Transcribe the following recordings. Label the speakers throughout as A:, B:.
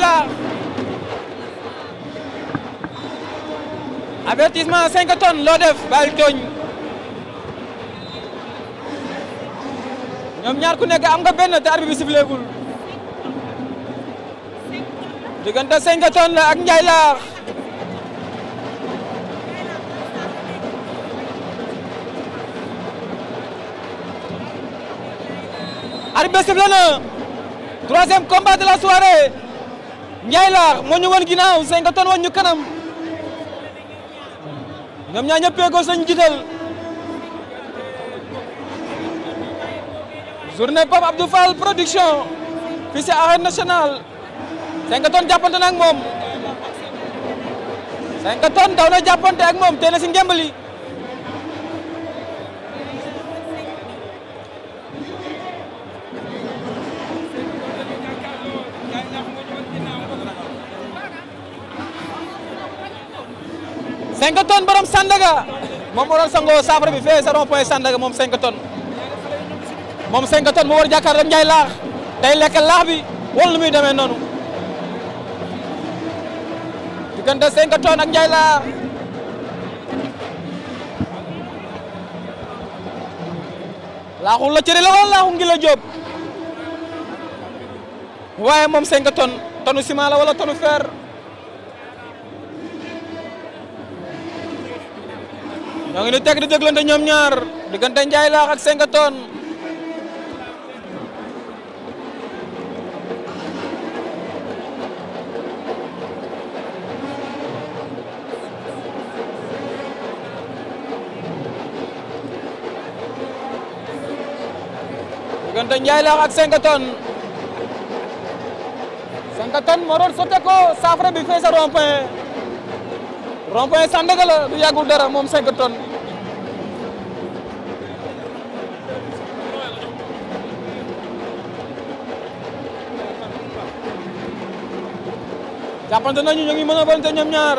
A: la avertissement 5 tonnes loo def bàyyil tooñ ñoom ñaar ku nekk am nga benn te arbitre bi sifleegul diggante 5 tonnes la ak Ndiaye Lakh arbitre sifle na troisième combat de la soirée Ndiaye Laar moo ñu wan ginnaaw Singleton wan ñu kanam ñoom ñaa ñëppee ko sañ jiital journée Pape Abdou Fall production fii ci arène nationale Singleton jàppante na ak moom Singleton daw na jàppante ak moom teel na ngembali cinq tonnes borom Sandaga moom moo doon sangoo saafara bi fee sa rond point Sandaga moom cinq tonnes moom cinq mu war a jàkkaarloo Ndiaye laax day lekk laax bi wala lu muy demee noonu diggante cinq tonnes ak Ndiaye laax laaxul la cëri la wala laaxu ngi la jóob waaye moom cinq tonnes tonu ciment la tonu fer ñoo ngi ni teg di déglante ñoom ñaar diggante Ndiaye Laax ak Sengatoon diggante Ndiaye Laax moo doon sotte ko saafara bi fee sa rond-point rond-point dara moom Sengatoon jàppante nañu ñu ngi mën a bante ñoom ñaar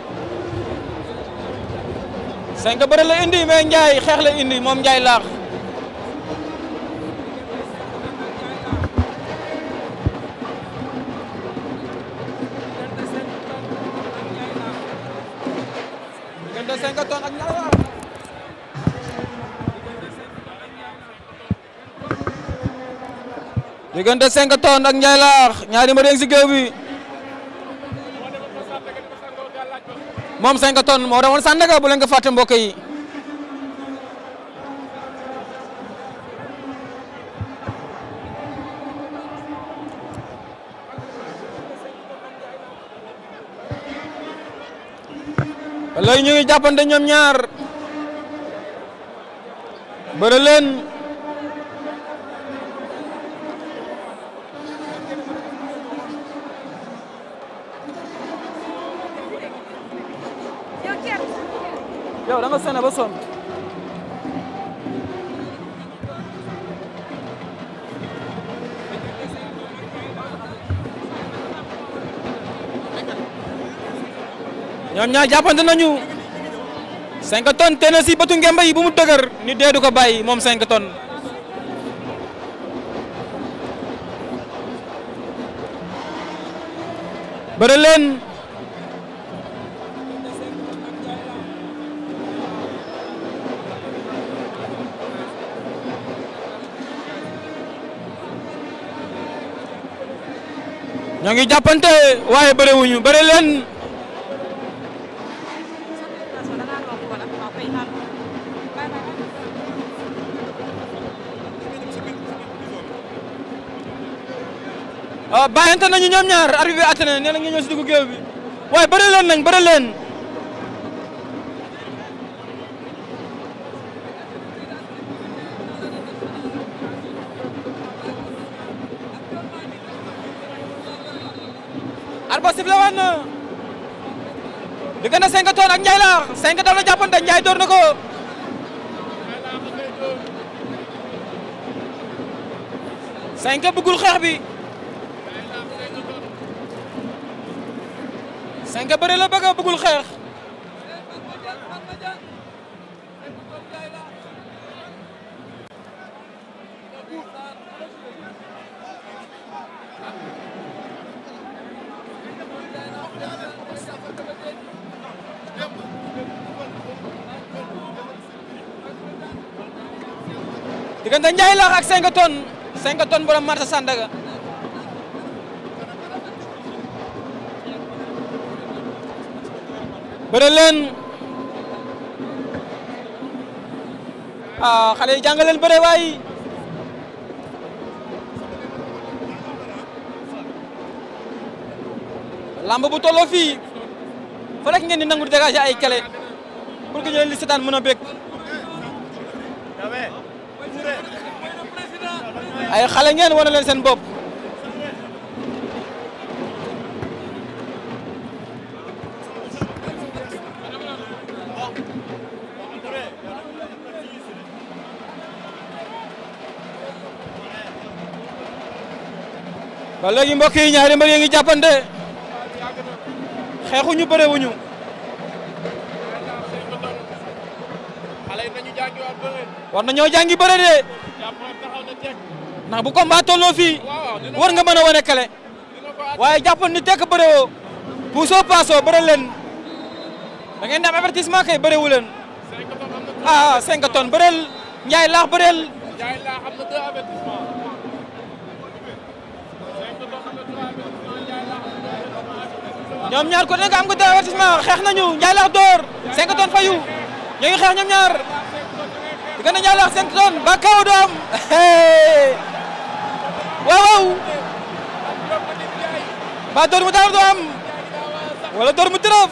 A: Sengue bëre la indi mais Ndiaye xeex la indi moom Ndiaye laax diggante Sengue Tonn ak Ndiaye laax diggante Sengue Tonn ak Ndiaye laax ñaari mbër yi ci moom 5 tonnes moo doon Sandaga bu leen ko fàtte mbokk yi. lay ñu ngi jàppante ñoom ñaar bëri leen. yow da nga sene ba sonn ñoom ñaar jàppante nañu 5 tonnes te na si batu yi bu mu dëgër ni dee du ko moom 5 tonnes ñoo ngi jàppante waaye bëre wuñu bëre leen ah, bàyyante ñu ñoom ñaar arbitre bi àtte na nee na si dugg géew waaye bëre leen nañ bëre leen arba siflé waat na diggante 5 Tonnes ak Ndiaye Laar 5 daw na jàppante Ndiaye door na ko cinq bëggul xeex bi cinq bëre la bëgg bëggul xeex diggante Ndiaye Lakh ak 5 tonnes 5 tonnes borom marché Sandaga bëre leen ah xale yi jàngaleen bëre bu tolloo fii fa rek ngeen di nangu dégager ay kele pour que ñu leen di mën a bég ay xale ngeen wane seen bopp. ba léegi mbokk yi ñaari mbër yi ngi jàppante xeexuñu bëre wuñu war nañoo jàngi bëre de ndax bu combat tolloo fii war nga mën a wane kale waaye jàppal ni tekk bëre woo puusoo paasoo bëre leen da ngeen di am avertissement kay bëre wu leen ah ah 5 ñoom ñaar ko nekk am nga deux avertissement xeex nañu Ndiaye laax door 5 tonnes fayu. ñu ngi xeex ñoom ñaar diggante Ndiaye la ak Sengton ba kaw doom waaw waaw ba door mu daanu doom wala door mu tërëf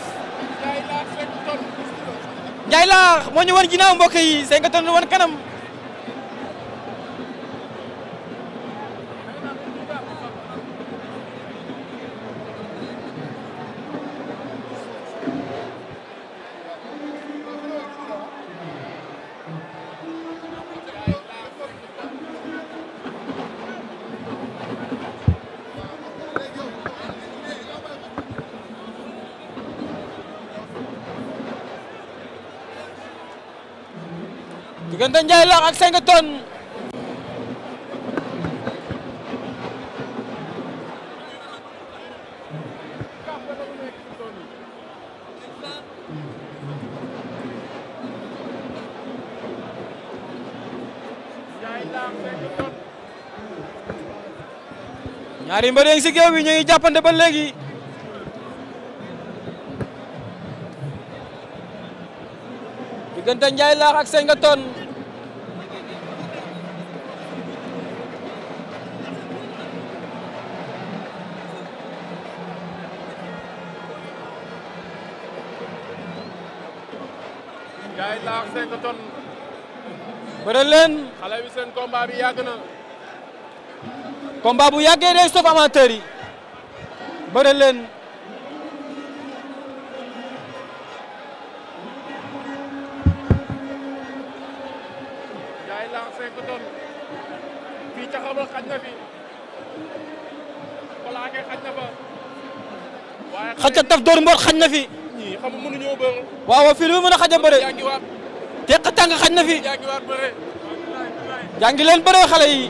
A: Ndiaye la moo ñu wan ginnaaw mbokk yi Sengton wan kanam. diggante Ndiaye la ak 5 tonnes ñaari mbër yi si géew bi ñu ngi jàppante ba léegi diggante Ndiaye Lakh ak 5 tonnes Sarr 5 leen. xale bi seen combat bi yàgg na. combat bu yàggee day yi. bëre leen. Ndiaye Sarr 5 tonnes. fii taxawal xaj na fi. plaqué xaj na fa. lu mu mën a xaj teq tàng xaj na fi jàngi leen bëre xale yi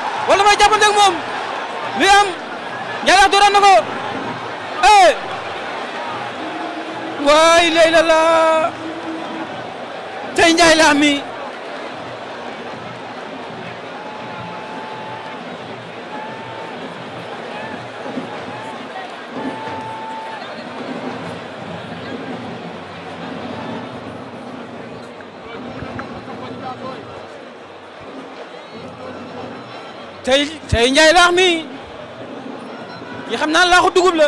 A: wala may jàppante ak moom li am ñaareel dooroon na ko eh waay léegi la la tey Ndiaye tey tey Ndiaye laax mi yi xam naa laaxu dugub la.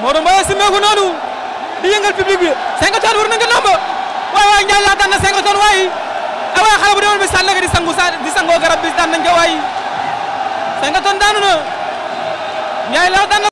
A: Modou Mbaye simeeku noonu di yëngal public bi Singleton war na ko nomba waaye waaye Ndiaye laa daan na Singleton waaye ah waaye xale bu demoon bi sànni di sangu sa di sangoo garab bi daan nañ ko waaye daanu na Ndiaye laa daan na